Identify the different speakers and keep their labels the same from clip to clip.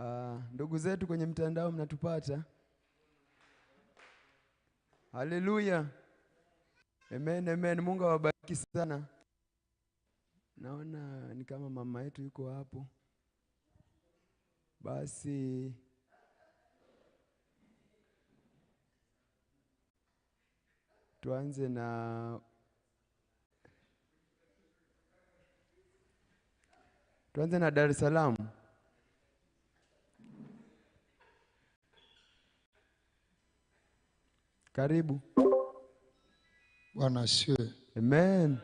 Speaker 1: Uh, ndugu zetu kwenye mtandao mnatupata? Haleluya, amen, amen. Mungu awabariki sana. Naona ni kama mama yetu yuko hapo, basi tuanze na tuanze na Dar es Salaam. Karibu.
Speaker 2: Bwana asiwe. Amen.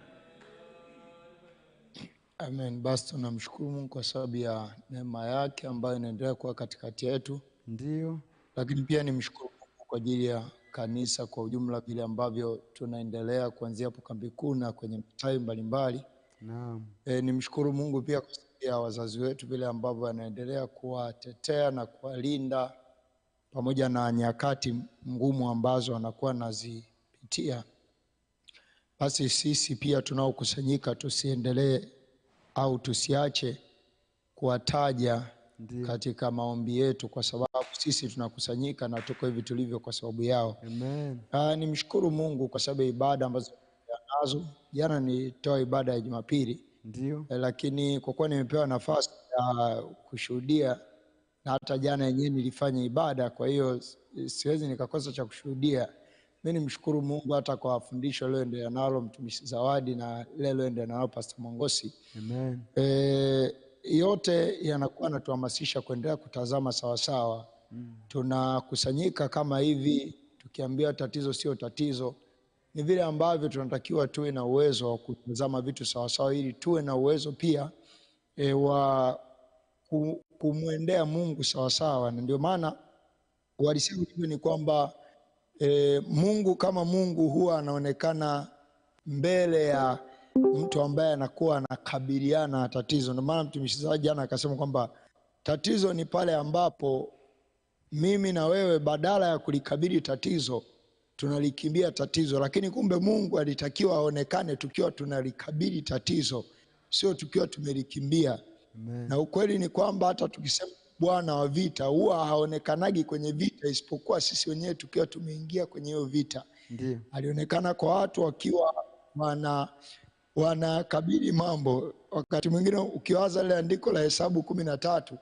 Speaker 2: Amen. Basi tunamshukuru Mungu kwa sababu ya neema yake ambayo inaendelea kuwa katikati yetu, ndio, lakini pia nimshukuru Mungu kwa ajili ya kanisa kwa ujumla, vile ambavyo tunaendelea kuanzia hapo kambi kuu na kwenye mitaa mbalimbali. Naam. E, nimshukuru Mungu pia kwa sababu ya wazazi wetu, vile ambavyo anaendelea kuwatetea na kuwalinda pamoja na nyakati ngumu ambazo anakuwa anazipitia, basi sisi pia tunaokusanyika tusiendelee au tusiache kuwataja katika maombi yetu, kwa sababu sisi tunakusanyika na tuko hivi tulivyo kwa sababu yao. nimshukuru Mungu kwa sababu ibada ambazo nazo jana, nitoa ibada ya Jumapili ndio, eh, lakini kwa kuwa nimepewa nafasi ya kushuhudia na hata jana yenyewe nilifanya ibada, kwa hiyo siwezi nikakosa cha kushuhudia. Mi nimshukuru Mungu hata kwa fundisho liloendelea nalo mtumishi Zawadi na lile liloendelea nalo Pastor Mongosi. Amen. E, yote yanakuwa natuhamasisha kuendelea kutazama sawasawa. Mm. Tunakusanyika kama hivi tukiambiwa tatizo sio tatizo, ni vile ambavyo tunatakiwa tuwe na uwezo wa kutazama vitu sawasawa, ili tuwe na uwezo pia e, wa kumwendea Mungu sawasawa, na ndio maana uhalisia ulivyo ni kwamba e, Mungu kama Mungu huwa anaonekana mbele ya mtu ambaye anakuwa anakabiliana na tatizo. Ndio maana mtumishi jana akasema kwamba tatizo ni pale ambapo mimi na wewe badala ya kulikabili tatizo tunalikimbia tatizo, lakini kumbe Mungu alitakiwa aonekane tukiwa tunalikabili tatizo, sio tukiwa tumelikimbia. Na ukweli ni kwamba hata tukisema Bwana wa vita huwa haonekanagi kwenye vita, isipokuwa sisi wenyewe tukiwa tumeingia kwenye hiyo vita. Ndiyo. Alionekana kwa watu wakiwa wana wanakabili mambo. Wakati mwingine ukiwaza ile andiko la Hesabu kumi na tatu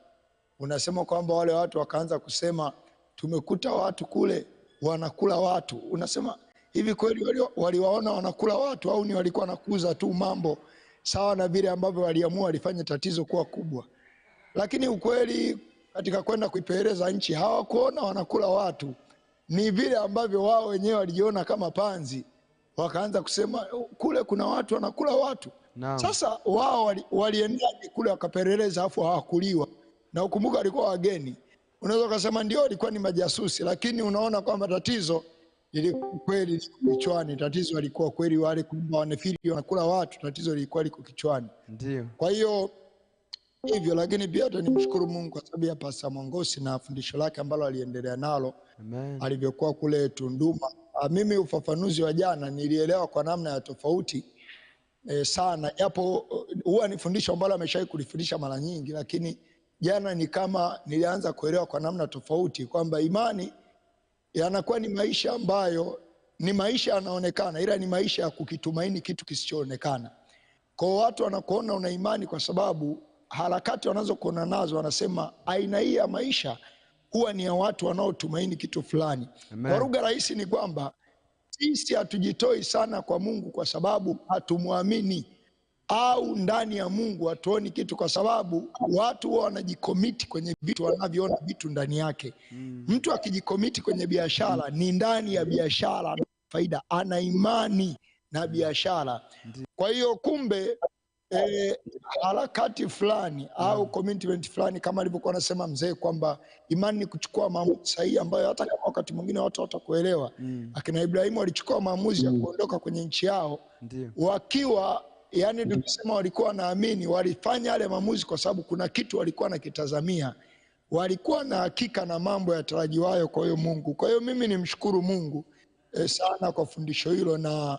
Speaker 2: unasema kwamba wale watu wakaanza kusema tumekuta watu kule wanakula watu, unasema hivi kweli waliwaona wali wanakula watu au ni walikuwa nakuza tu mambo? sawa na vile ambavyo waliamua walifanya tatizo kuwa kubwa, lakini ukweli katika kwenda kuipeleleza nchi hawakuona wanakula watu, ni vile ambavyo wao wenyewe walijiona kama panzi, wakaanza kusema kule kuna watu wanakula watu no. Sasa wao waliendaje wali kule wakapeleleza afu hawakuliwa, na ukumbuka walikuwa wageni, unaweza ukasema ndio walikuwa ni majasusi, lakini unaona kwamba tatizo ili kweli kichwani, tatizo alikuwa kweli wale kumba wanafiri wanakula watu, tatizo lilikuwa liko kichwani. Ndio. Kwa hiyo hivyo, lakini pia hata nimshukuru Mungu kwa sababu ya Pasa Mwangosi na fundisho lake ambalo aliendelea nalo alivyokuwa kule Tunduma. A, ah, mimi ufafanuzi wa jana nilielewa kwa namna ya tofauti e, sana, japo huwa ni fundisho ambalo ameshawahi kulifundisha mara nyingi, lakini jana ni kama nilianza kuelewa kwa namna tofauti kwamba imani yanakuwa ni maisha ambayo ni maisha yanaonekana, ila ni maisha ya kukitumaini kitu kisichoonekana. Kwa watu wanakuona una imani, kwa sababu harakati wanazokuona nazo wanasema aina hii ya maisha huwa ni ya watu wanaotumaini kitu fulani. Kwa lugha rahisi ni kwamba sisi hatujitoi sana kwa Mungu kwa sababu hatumwamini au ndani ya Mungu hatuoni kitu, kwa sababu watu huwa wanajikomiti kwenye vitu wanavyoona vitu ndani yake mm. Mtu akijikomiti kwenye biashara ni ndani ya biashara faida, ana imani na biashara. Kwa hiyo kumbe E, harakati fulani au mm. commitment fulani kama alivyokuwa anasema mzee kwamba imani ni kuchukua maamuzi sahihi ambayo hata kama wakati mwingine watu watakuelewa. mm. Akina Ibrahimu walichukua maamuzi mm. ya kuondoka kwenye nchi yao Ndiyo. wakiwa yaani tukisema mm. walikuwa wanaamini, walifanya yale maamuzi kwa sababu kuna kitu walikuwa nakitazamia, walikuwa na hakika na mambo yatarajiwayo kwa hiyo Mungu. Kwa hiyo mimi nimshukuru Mungu e, sana kwa fundisho hilo, na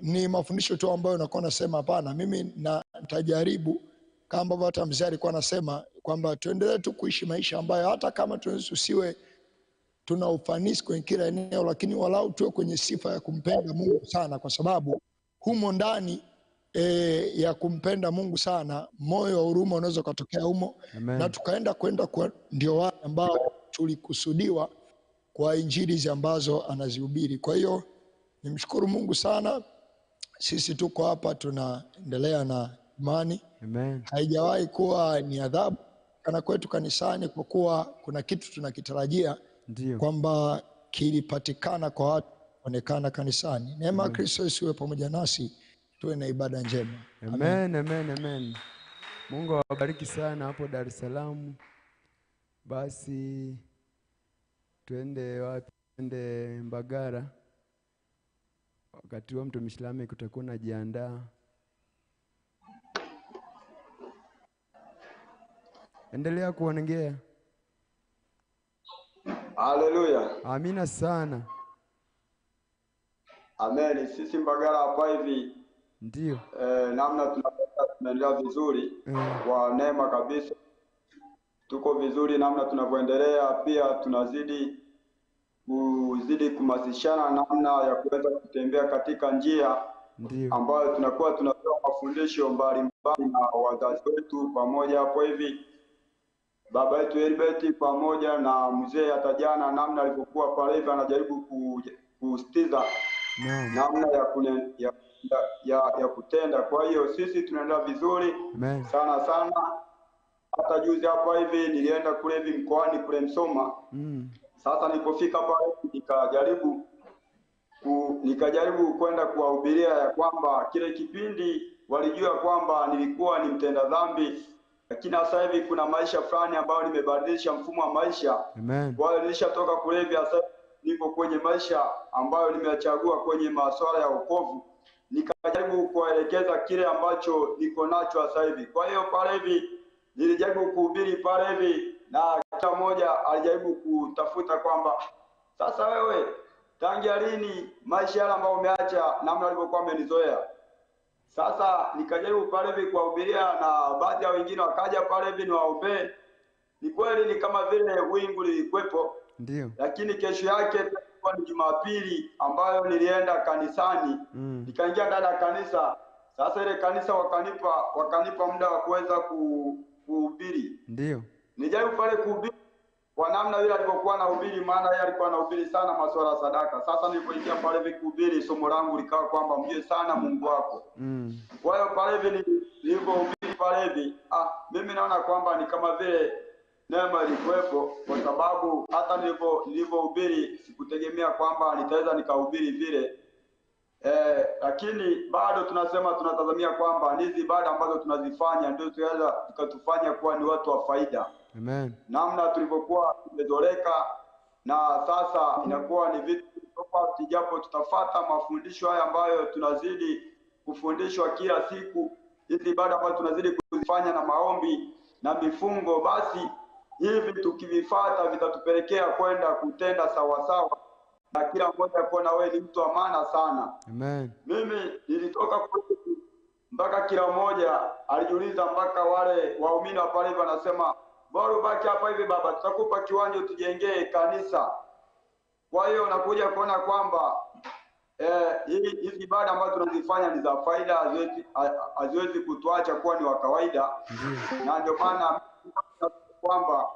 Speaker 2: ni mafundisho tu ambayo nakuwa nasema hapana, mimi na, nitajaribu kama ambavyo hata mzee alikuwa anasema kwamba tuendelee tu kuishi maisha ambayo hata kama tusiwe tuna ufanisi kwenye kila eneo, lakini walau tuwe kwenye sifa ya kumpenda Mungu sana, kwa sababu humo ndani e, ya kumpenda Mungu sana, moyo wa huruma unaweza ukatokea humo, na tukaenda kwenda kwa, ndio wale ambao tulikusudiwa kwa injili hizi ambazo anazihubiri. Kwa hiyo nimshukuru Mungu sana, sisi tuko hapa tunaendelea na imani. Haijawahi kuwa ni adhabu kana kwetu kanisani, kwa kuwa kuna kitu tunakitarajia kwamba kilipatikana kwa watu onekana kanisani. Neema ya Kristo isiwe pamoja nasi tuwe na ibada njema.
Speaker 1: Amen, amen, amen. Mungu awabariki sana hapo Dar es Salaam. Basi twende wapi? Tuende Mbagara. Wakati huo mtumishi Lameck utakuwa unajiandaa. Endelea kuongea.
Speaker 3: Haleluya.
Speaker 1: Amina sana.
Speaker 3: Amen. Sisi Mbagara hapa hivi ndio eh, namna tunaweza tunaendelea vizuri mm. kwa neema kabisa tuko vizuri namna tunavyoendelea, pia tunazidi kuzidi kumasishana namna ya kuweza kutembea katika njia Ndiyo. ambayo tunakuwa tunatoa mafundisho mbalimbali na wazazi wetu pamoja hapo hivi baba yetu Herbert pamoja na mzee hata jana, namna alivyokuwa pale hivi anajaribu kusitiza namna ya, kune, ya ya, ya kutenda. Kwa hiyo sisi tunaenda vizuri Amen. sana sana. Hata juzi hapa hivi nilienda kule hivi mkoani kule Msoma mm. Sasa nilipofika pale nikajaribu ku, nikajaribu kwenda kuwahubiria ya kwamba kile kipindi walijua kwamba nilikuwa ni mtenda dhambi, lakini sasa hivi kuna maisha fulani ambayo nimebadilisha mfumo wa maisha. Kwa hiyo nilishatoka kulevi sasa niko kwenye maisha ambayo nimeyachagua kwenye masuala ya wokovu nikajaribu kuwaelekeza kile ambacho niko nacho sasa hivi. Kwa hiyo pale hivi nilijaribu kuhubiri pale hivi, na kila mmoja alijaribu kutafuta kwamba sasa wewe tangia lini maisha yale ambayo umeacha namna alivyokuwa amenizoea. Sasa nikajaribu pale hivi kuwahubiria, na baadhi ya wengine wakaja pale hivi niwaombee. Ni kweli ni kama vile wingu lilikuwepo, ndio, lakini kesho yake ilikuwa ni Jumapili ambayo nilienda kanisani mm. Nikaingia ndani ya kanisa. Sasa ile kanisa wakanipa wakanipa muda wa kuweza kuhubiri, ndio nijaribu pale kuhubiri kwa namna yule alivyokuwa nahubiri, maana yeye alikuwa anahubiri sana masuala ya sadaka. Sasa nilipoingia pale hivi kuhubiri, somo langu likawa kwamba mjue sana Mungu wako mm. Kwa hiyo pale hivi nilipohubiri pale hivi, ah, mimi naona kwamba ni kama vile neema ilikuwepo, kwa sababu hata nilivyo nilivyohubiri sikutegemea kwamba nitaweza nikahubiri vile eh, lakini bado tunasema tunatazamia kwamba hizi ibada ambazo tunazifanya ndio tunaweza tukatufanya kuwa ni watu wa faida. Amen. Namna tulivyokuwa tumezoleka na sasa inakuwa ni vitu tofauti, japo tutafata mafundisho haya ambayo tunazidi kufundishwa kila siku, hizi ibada ambazo tunazidi kuzifanya na maombi na mifungo basi hivi tukivifata vitatupelekea kwenda kutenda sawasawa na kila mmoja kuona wewe ni mtu wa maana sana. Amen. Mimi nilitoka kwetu mpaka kila mmoja alijiuliza, mpaka wale waumini wa pale wanasema bora ubaki hapa hivi, baba, tutakupa kiwanja tujengee kanisa. Kwa hiyo nakuja kuona kwamba eh, hizi ibada ambazo tunazifanya ni za faida, haziwezi kutuacha kuwa ni wa kawaida na ndio maana kwamba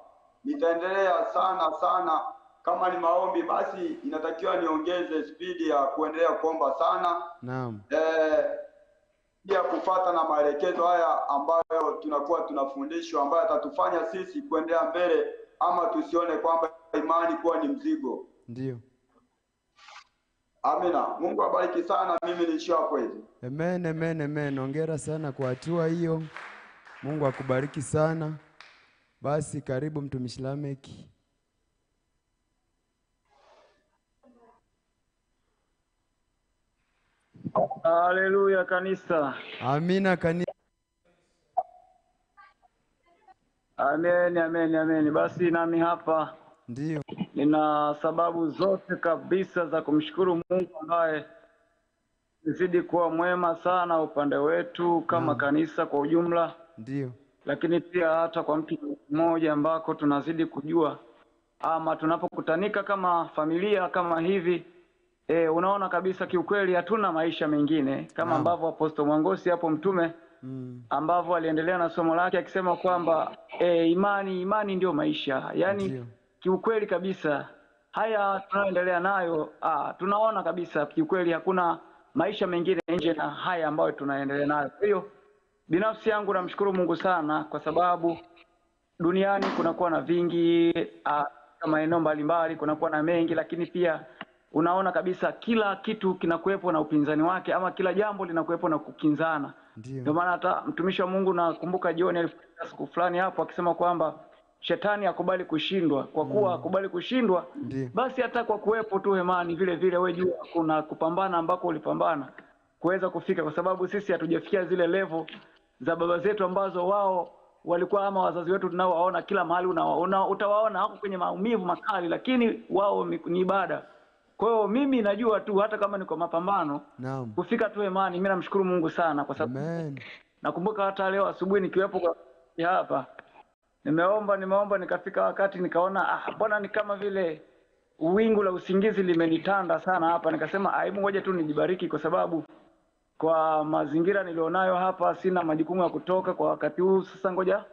Speaker 3: nitaendelea sana sana. Kama ni maombi, basi inatakiwa niongeze spidi ya kuendelea kuomba sana. Naam. Eh, pia kufata na maelekezo haya ambayo tunakuwa tunafundishwa ambayo atatufanya sisi kuendelea mbele, ama tusione kwamba imani kuwa ni mzigo. Ndio. Amina. Mungu abariki sana. Mimi niishia hapo hivi.
Speaker 1: Amen, amen, amen. Hongera sana kwa hatua hiyo. Mungu akubariki sana. Basi karibu mtumishi Lameki.
Speaker 3: Haleluya kanisa.
Speaker 1: Amina kanisa.
Speaker 3: Amen, amen, amen. Basi nami hapa ndio nina sababu zote kabisa za kumshukuru Mungu ambaye zidi kuwa mwema sana upande wetu kama kanisa kwa ujumla. Ndio lakini pia hata kwa mtu mmoja ambako tunazidi kujua ama tunapokutanika kama familia kama hivi e, unaona kabisa kiukweli hatuna maisha mengine kama ambavyo aposto Mwangosi hapo mtume mm. ambavyo aliendelea na somo lake akisema kwamba e, imani imani ndio maisha yani Ndiyo. kiukweli kabisa haya tunayoendelea nayo ah, tunaona kabisa kiukweli hakuna maisha mengine nje na haya ambayo tunaendelea nayo kwa hiyo Binafsi yangu namshukuru Mungu sana kwa sababu duniani kunakuwa na vingi katika maeneo mbalimbali, kunakuwa na mengi, lakini pia unaona kabisa kila kitu kinakuwepo na upinzani wake, ama kila jambo linakuwepo na kukinzana. Ndio maana hata mtumishi wa Mungu nakumbuka John alifika siku fulani hapo akisema kwamba shetani akubali kushindwa, kwa kuwa mm. akubali kushindwa
Speaker 1: Ndiyo. basi
Speaker 3: hata kwa kuwepo tu hemani vile vile, wewe jua kuna kupambana ambako ulipambana kuweza kufika, kwa sababu sisi hatujafikia zile level za baba zetu ambazo wao walikuwa ama wazazi wetu tunaowaona kila mahali, unawaona utawaona wako kwenye maumivu makali, lakini wao ni ibada. Kwa hiyo mimi najua tu hata kama ni kwa mapambano Naam. kufika tu imani. Mimi namshukuru Mungu sana kwa sababu Amen. Nakumbuka hata leo asubuhi nikiwepo kwa hapa nimeomba nimeomba, nikafika wakati nikaona ah, bwana, ni kama vile wingu la usingizi limenitanda sana hapa, nikasema aibu, ngoja tu nijibariki kwa sababu kwa mazingira nilionayo hapa, sina majukumu ya kutoka kwa wakati huu. Sasa ngoja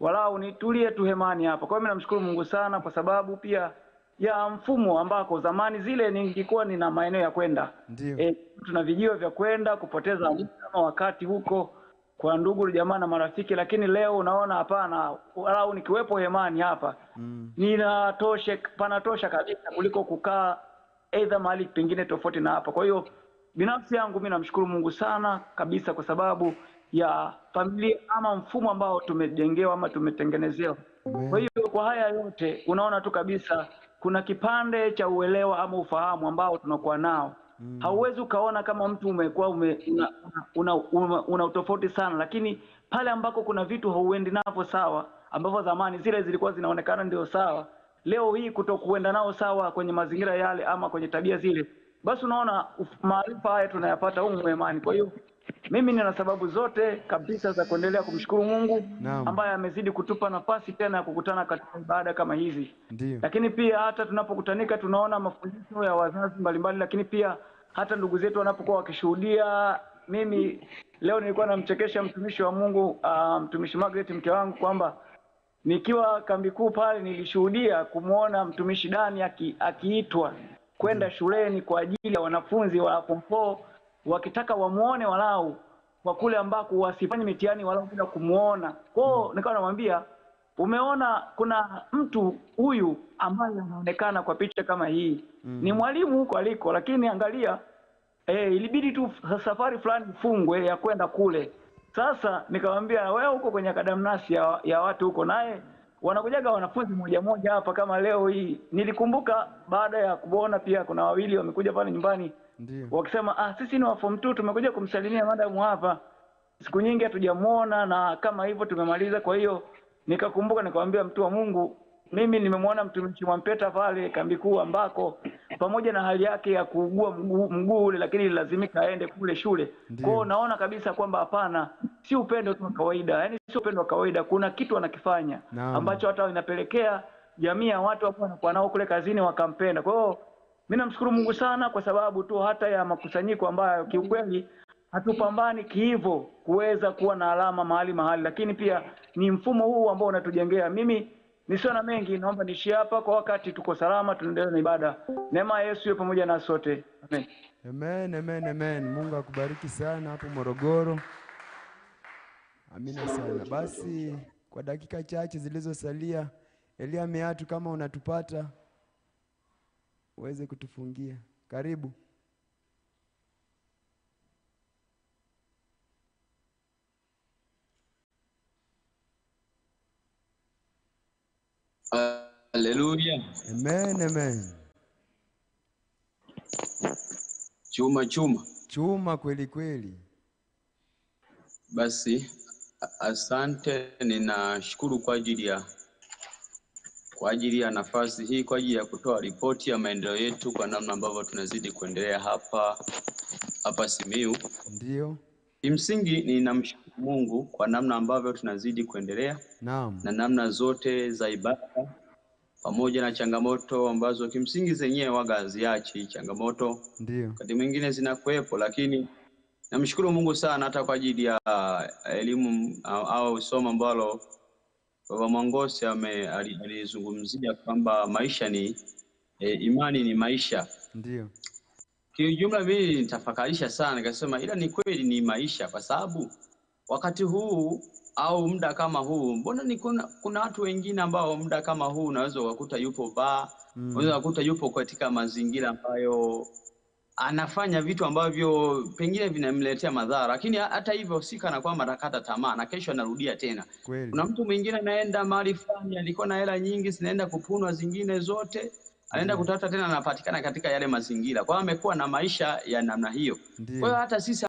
Speaker 3: walau nitulie tu hemani hapa. Kwa hiyo mimi namshukuru Mungu sana kwa sababu pia ya mfumo ambako zamani zile ningekuwa nina maeneo ya kwenda e, tuna vijio vya kwenda kupoteza muda wakati huko kwa ndugu jamaa na marafiki, lakini leo unaona hapana, walau nikiwepo hemani hapa mm. ninatosha, panatosha kabisa kuliko kukaa aidha mahali pengine tofauti na hapa, kwa hiyo Binafsi yangu mi namshukuru Mungu sana kabisa kwa sababu ya familia ama mfumo ambao tumejengewa ama tumetengenezewa. Kwa hiyo kwa haya yote unaona tu kabisa kuna kipande cha uelewa ama ufahamu ambao tunakuwa nao. Mm. Hauwezi ukaona kama mtu umekuwa ume, una, una, una, una utofauti sana, lakini pale ambako kuna vitu hauendi navyo sawa, ambavyo zamani zile zilikuwa zinaonekana ndio sawa, leo hii kutokuenda nao sawa kwenye mazingira yale ama kwenye tabia zile basi unaona maarifa haya tunayapata humu mwemani. Kwa hiyo mimi nina sababu zote kabisa za kuendelea kumshukuru Mungu ambaye amezidi kutupa nafasi tena ya kukutana katika ibada kama hizi.
Speaker 1: Ndiyo. Lakini
Speaker 3: pia hata tunapokutanika tunaona mafundisho ya wazazi mbalimbali, lakini pia hata ndugu zetu wanapokuwa wakishuhudia. Mimi leo nilikuwa namchekesha mtumishi wa Mungu, uh, mtumishi Margaret, mke wangu, kwamba nikiwa kambi kuu pale nilishuhudia kumwona mtumishi Dani akiitwa aki kwenda shuleni kwa ajili ya wanafunzi wa form four wakitaka wamuone walau kwa kule ambako wasifanye mitihani walau bila kumuona kwao. Mm. Nikawa namwambia umeona, kuna mtu huyu ambaye anaonekana kwa picha kama hii mm. ni mwalimu huko aliko, lakini angalia eh, ilibidi tu safari fulani ifungwe ya kwenda kule. Sasa nikamwambia wewe, huko kwenye kadamnasi ya, ya watu huko naye wanakujaga wanafunzi moja moja hapa. Kama leo hii nilikumbuka baada ya kuona pia kuna wawili wamekuja pale nyumbani Ndiyo. wakisema ah, sisi ni wa form 2 tumekuja kumsalimia madamu hapa, siku nyingi hatujamuona na kama hivyo tumemaliza. Kwa hiyo nikakumbuka nikamwambia mtu wa Mungu mimi nimemwona mtumishi Mwampeta pale Kambikuu ambako pamoja na hali yake ya kuugua mguu, ule lakini lazimika aende kule shule. Kwa hiyo naona kabisa kwamba hapana, si upendo tu kawaida, yani si upendo wa kawaida, kuna kitu anakifanya ambacho hata inapelekea jamii ya watu ambao wanakuwa nao kule kazini wakampenda. Kwa hiyo mimi namshukuru Mungu sana kwa sababu tu hata ya makusanyiko ambayo kiukweli hatupambani kiivo kuweza kuwa na alama mahali mahali, lakini pia ni mfumo huu ambao unatujengea mimi Nisio na mengi, naomba niishie hapa kwa wakati. Tuko salama, tunaendelea na ibada. Neema ya Yesu iwe pamoja na sote.
Speaker 1: Amen. Amen, amen, amen. Mungu akubariki sana hapo Morogoro. Amina sana. Basi kwa dakika chache zilizosalia, Elia Meatu, kama unatupata uweze kutufungia. Karibu.
Speaker 4: Haleluya.
Speaker 1: Amen, amen.
Speaker 4: Chuma chuma
Speaker 1: chuma kweli kweli.
Speaker 4: Basi asante, ninashukuru kwa ajili ya kwa ajili ya nafasi hii kwa ajili ya kutoa ripoti ya maendeleo yetu kwa namna ambavyo tunazidi kuendelea hapa hapa Simiyu. Ndio. Kimsingi ninamshukuru Mungu kwa namna ambavyo tunazidi kuendelea naam, na namna zote za ibada pamoja na changamoto ambazo kimsingi zenyewe waga haziachi changamoto, ndio wakati mwingine zinakuwepo, lakini namshukuru Mungu sana hata kwa ajili ya eh, elimu au somo ambalo Baba Mwangosi alizungumzia kwamba maisha ni e, imani ni maisha, ndio Kiujumla mimi nitafakarisha sana, nikasema ila ni kweli ni maisha, kwa sababu wakati huu au muda kama huu, mbona ni kuna, kuna watu wengine ambao muda kama huu unaweza ukakuta yupo baa mm. unaweza ukakuta yupo katika mazingira ambayo anafanya vitu ambavyo pengine vinamletea madhara, lakini hata hivyo si kana kwamba atakata tamaa na kesho anarudia tena.
Speaker 1: Kweli. Kuna mtu
Speaker 4: mwingine anaenda mahali fulani, alikuwa na hela nyingi zinaenda kupunwa zingine zote anaenda kutafuta tena, anapatikana katika yale mazingira. Kwa hiyo amekuwa na maisha ya namna hiyo.
Speaker 1: Kwa hiyo hata sisi